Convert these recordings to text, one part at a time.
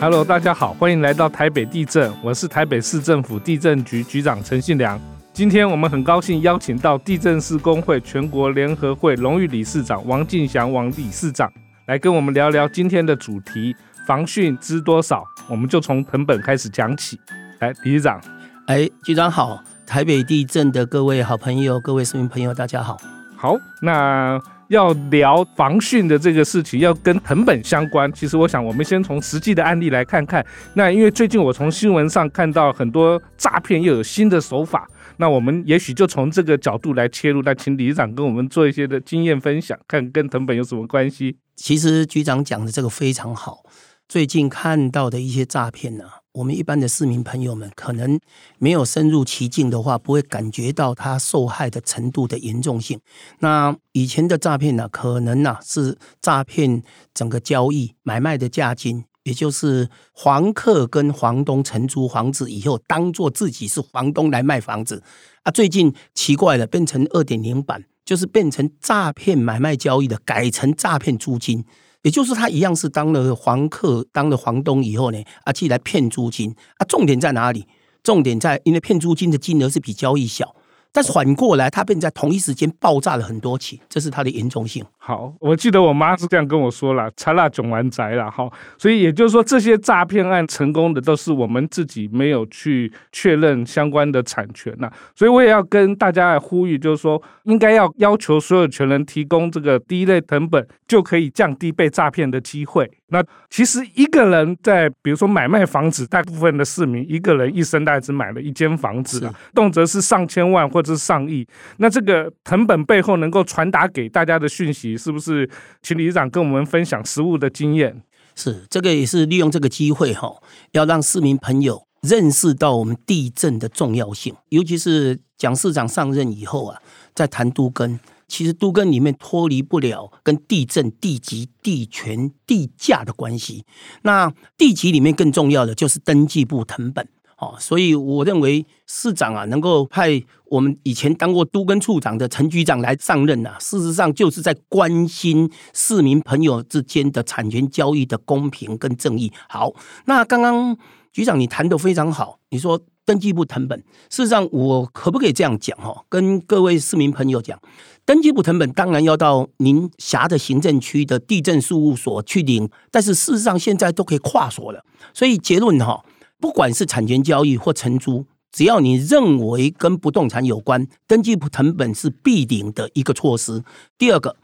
Hello，大家好，歡迎來到台北地政。我是台北市政府地政局局長陳信良。今天我們很高興邀請到地政士公會全國聯合會榮譽理事長王進祥王理事長來跟我們聊聊今天的主題——房訊知多少。我們就從謄本開始講起。來，理事長。哎，局長好，台北地政的各位好朋友、各位市民朋友，大家好。好，那。要聊房訊的這個事情，要跟謄本相關。其實我想，我們先從實際的案例來看看。那因為最近我從新聞上看到很多詐騙，又有新的手法。那我們也許就從這個角度來切入。那請理事長跟我們做一些的經驗分享，看跟謄本有什麼關係？其實局長講的這個非常好。最近看到的一些詐騙呢、啊？我們一般的市民朋友們可能沒有深入其境的話，不會感覺到他受害的程度的嚴重性。那以前的詐騙呢、啊，可能呢、啊、是詐騙整個交易買賣的價金，也就是房客跟房東承租房子以後，當做自己是房東來賣房子啊。最近奇怪了，變成二點零版，就是變成詐騙買賣交易的，改成詐騙租金。也就是他一樣是當了房客，當了房東以後呢，啊，起來騙租金。啊，重點在哪裡？重點在，因為騙租金的金額是比交易小。他反過來，他便在同一時間爆炸了很多起，這是它的嚴重性。好，我記得我媽是這樣跟我說啦，查辣種完宅了哈。所以也就是說，這些詐騙案成功的都是我們自己沒有去確認相關的產權吶。所以我也要跟大家呼籲，就是說應該要要求所有權人提供這個第一類謄本，就可以降低被詐騙的機會。那其實一個人在比如說買賣房子，大部分的市民一個人一生代只買了一間房子，動輒是上千萬或者。是上億，那這個謄本背後能夠傳達給大家的訊息，是不是？請理事長跟我們分享實務的經驗。是，這個也是利用這個機會哈、哦，要讓市民朋友認識到我們地政的重要性。尤其是蔣市長上任以後啊，在談都更其實都更裡面脫離不了跟地政、地籍地權,地權、地價的關係。那地籍裡面更重要的就是登記簿謄本。哦，所以我認為市長啊，能夠派我們以前當過都更處長的陳局長來上任啊，事實上就是在關心市民朋友之間的產權交易的公平跟正義。好，那剛剛局長你談得非常好，你說登記簿謄本，事實上我可不可以這樣講哈？跟各位市民朋友講，登記簿謄本當然要到您轄的行政區的地政事務所去領，但是事實上現在都可以跨所了。所以結論哈。不管是產權交易或承租，只要你認為跟不動產有關，登記簿謄本是必領的一個措施。第二個，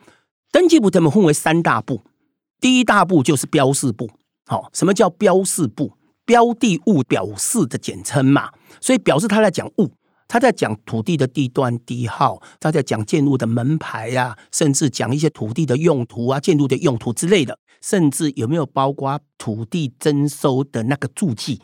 登記簿謄本分為三大部。第一大部就是標示部。好、哦，什麼叫標示部？標的物表示的簡稱嘛。所以表示他在講物，他在講土地的地段、地號，他在講建物的門牌呀、啊，甚至講一些土地的用途啊、建物的用途之類的，甚至有沒有包括土地徵收的那個注記。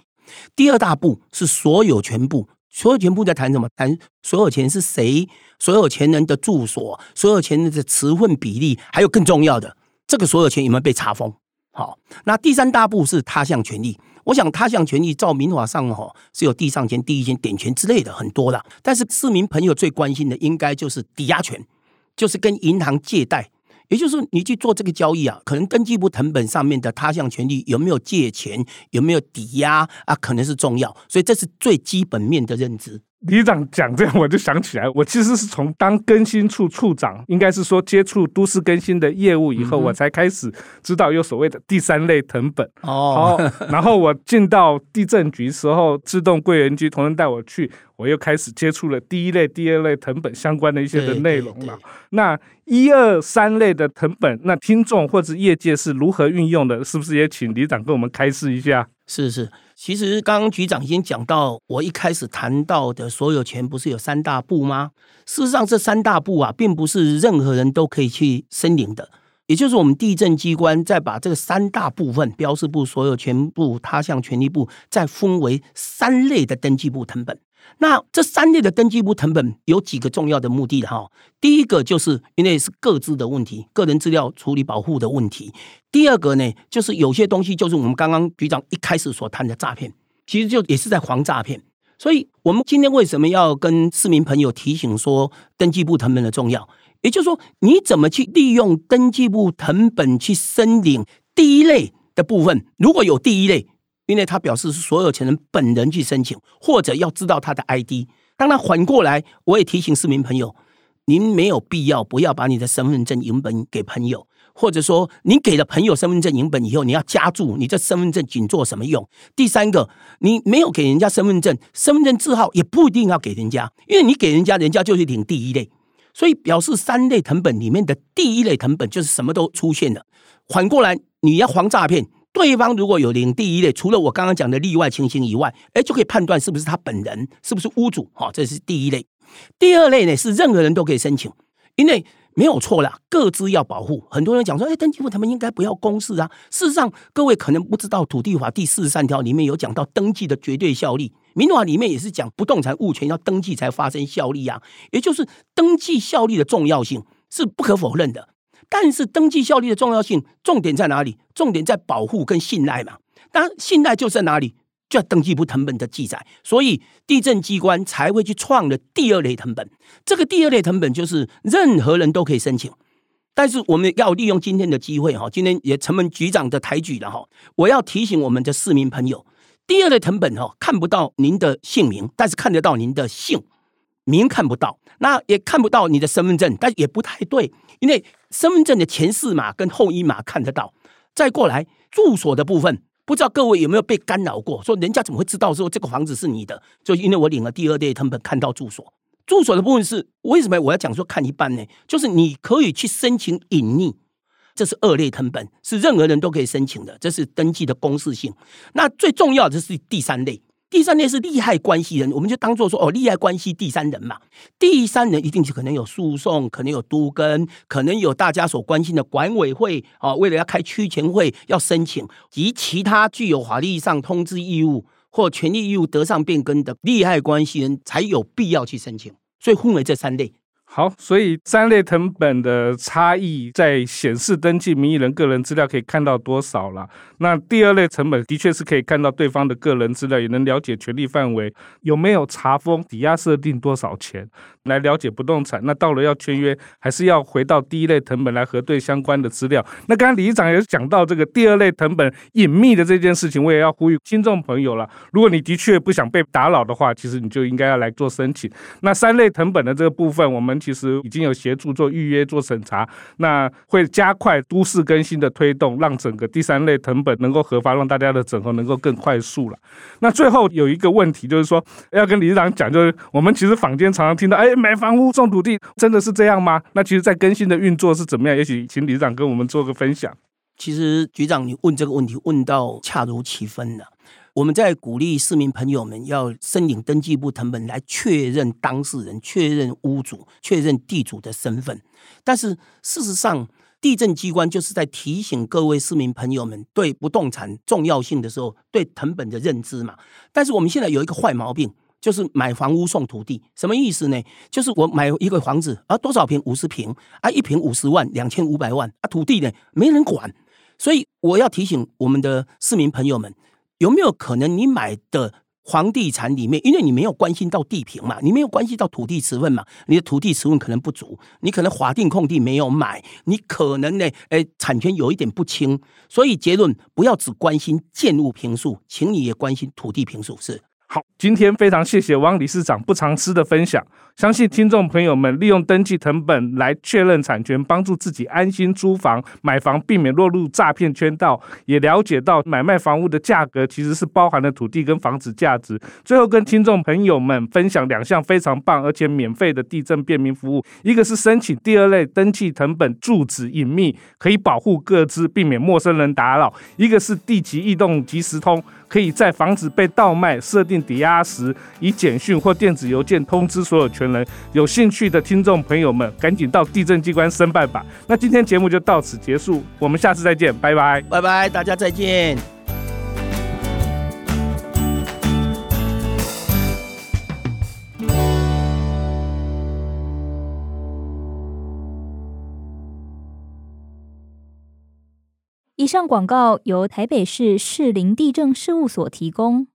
第二大步是所有權部，所有權部在談什麼？談所有權是誰？所有權人的住所，所有權人的持份比例，還有更重要的，這個所有權有沒有被查封？好，那第三大步是他項權利。我想他項權利照民法上哈是有地上權、地役權、典權之類的很多的，但是市民朋友最關心的應該就是抵押權，就是跟銀行借貸。也就是你去做這個交易啊，可能根據不謄本上面的他項權利有沒有借錢，有沒有抵押啊，可能是重要，所以這是最基本面的認知。理長講這樣，我就想起來，我其實是從當更新處處長，應該是說接觸都市更新的業務以後，嗯、我才開始知道有所謂的第三類謄本。哦， 然後我進到地政局時候，自動櫃員機同仁帶我去。我又開始接觸了第一類、第二類謄本相關的一些的內容了。對對對。那一二三類的謄本，那聽眾或者業界是如何運用的？是不是也請理事長跟我們開示一下？是是，其實剛剛局長已經講到，我一開始談到的所有權不是有三大部嗎？事實上，這三大部啊，並不是任何人都可以去申領的。也就是我們地政機關再把這三大部分，標示部、所有權部、他項權利部再分為三類的登記簿謄本。那這三類的登記簿謄本有幾個重要的目的哈？第一個就是因為是個資的問題，個人資料處理保護的問題。第二個呢，就是有些東西就是我們剛剛局長一開始所談的詐騙，其實就也是在防詐騙。所以我們今天為什麼要跟市民朋友提醒說登記簿謄本的重要？也就是說，你怎麼去利用登記簿謄本去申領第一類的部分？如果有第一類，因為他表示是所有權人本人去申請，或者要知道他的 ID。當然，反過來，我也提醒市民朋友，您沒有必要不要把你的身份證影本給朋友，或者說你給了朋友身份證影本以後，你要加注你這身份證僅做什麼用。第三個，你沒有給人家身份證，身份證字號也不一定要給人家，因為你給人家，人家就去領第一類。所以表示三類謄本裡面的第一類謄本就是什麼都出現了。反過來，你要防詐騙，對方如果有領第一類，除了我剛剛講的例外情形以外，哎、欸，就可以判斷是不是他本人，是不是屋主，哈、哦，這是第一類。第二類呢是任何人都可以申請，因為沒有錯了，個資要保護。很多人講說，哎、欸，登記簿他們應該不要公示啊。事實上，各位可能不知道土地法第四十三條裡面有講到登記的絕對效力。民法裡面也是講不動產物權要登記才發生效力啊，也就是登記效力的重要性是不可否認的。但是登記效力的重要性重點在哪裡？重點在保護跟信賴嘛。當然信賴就是在哪裡，就要登記簿謄本的記載。所以地政機關才會去創的第二類謄本。這個第二類謄本就是任何人都可以申請，但是我們要利用今天的機會哈，今天也承蒙局長的抬舉了哈，我要提醒我們的市民朋友。第二類謄本哦，看不到您的姓名，但是看得到您的姓，名看不到，那也看不到你的身份證，但也不太對，因為身份證的前四碼跟後一碼看得到。再過來住所的部分，不知道各位有沒有被干擾過？說人家怎麼會知道說這個房子是你的？就因為我領了第二類謄本，看到住所，住所的部分是為什麼我要講說看一半呢？就是你可以去申請隱匿。這是二類謄本，是任何人都可以申請的。這是登記的公示性。那最重要的是第三類，第三類是利害關係人，我們就當做說哦，利害關係第三人嘛。第三人一定是可能有訴訟，可能有都更，可能有大家所關心的管委會啊，為了要開區權會要申請，及其他具有法律上通知義務或權利義務得上變更的利害關係人才有必要去申請。所以分為這三類。好，所以三類謄本的差異在顯示登記名義人個人資料可以看到多少了？那第二類謄本的確是可以看到對方的個人資料，也能了解權利範圍有沒有查封、抵押設定多少錢，來了解不動產。那到了要簽約，還是要回到第一類謄本來核對相關的資料。那剛才理事長也講到這個第二類謄本隱秘的這件事情，我也要呼籲聽眾朋友了：如果你的確不想被打擾的話，其實你就應該要來做申請。那三類謄本的這個部分，我們。其實已經有協助做預約、做審查，那會加快都市更新的推動，讓整個第三類謄本能夠合法，讓大家的整合能夠更快速了。那最後有一個問題，就是說要跟理事長講，就是我們其實坊間常常聽到，哎，買房屋送土地，真的是這樣嗎？那其實，在更新的運作是怎麼樣？也許請理事長跟我們做個分享。其實局長，你問這個問題問到恰如其分了。我們在鼓勵市民朋友們要申領登記簿謄本來確認當事人、確認屋主、確認地主的身份。但是事實上，地政機關就是在提醒各位市民朋友們對不動產重要性的時候，對謄本的認知嘛。但是我們現在有一個壞毛病，就是買房屋送土地，什麼意思呢？就是我買一個房子啊，多少坪？五十坪，啊，一坪五十萬，兩千五百萬啊，土地呢，沒人管。所以我要提醒我們的市民朋友們。有沒有可能你買的房地產裡面，因為你沒有關心到地坪嘛，你沒有關心到土地持分嘛，你的土地持分可能不足，你可能法定空地沒有買，你可能呢，哎、欸，產權有一點不清，所以結論，不要只關心建物坪數，請你也關心土地坪數是。好，今天非常謝謝王理事長不常失的分享。相信聽眾朋友們利用登記謄本來確認產權，幫助自己安心租房、買房，避免落入詐騙圈套。也了解到買賣房屋的價格其實是包含了土地跟房子價值。最後跟聽眾朋友們分享兩項非常棒而且免費的地政便民服務：一個是申請第二類登記謄本住址隱秘可以保護個資，避免陌生人打擾；一個是地籍異動即時通。可以在房子被盜賣、設定抵押時，以簡訊或電子郵件通知所有權人。有興趣的聽眾朋友們，趕緊到地政機關申辦吧。那今天節目就到此結束，我們下次再見，拜拜，拜拜，大家再見。以上廣告由台北市士林地政事務所提供。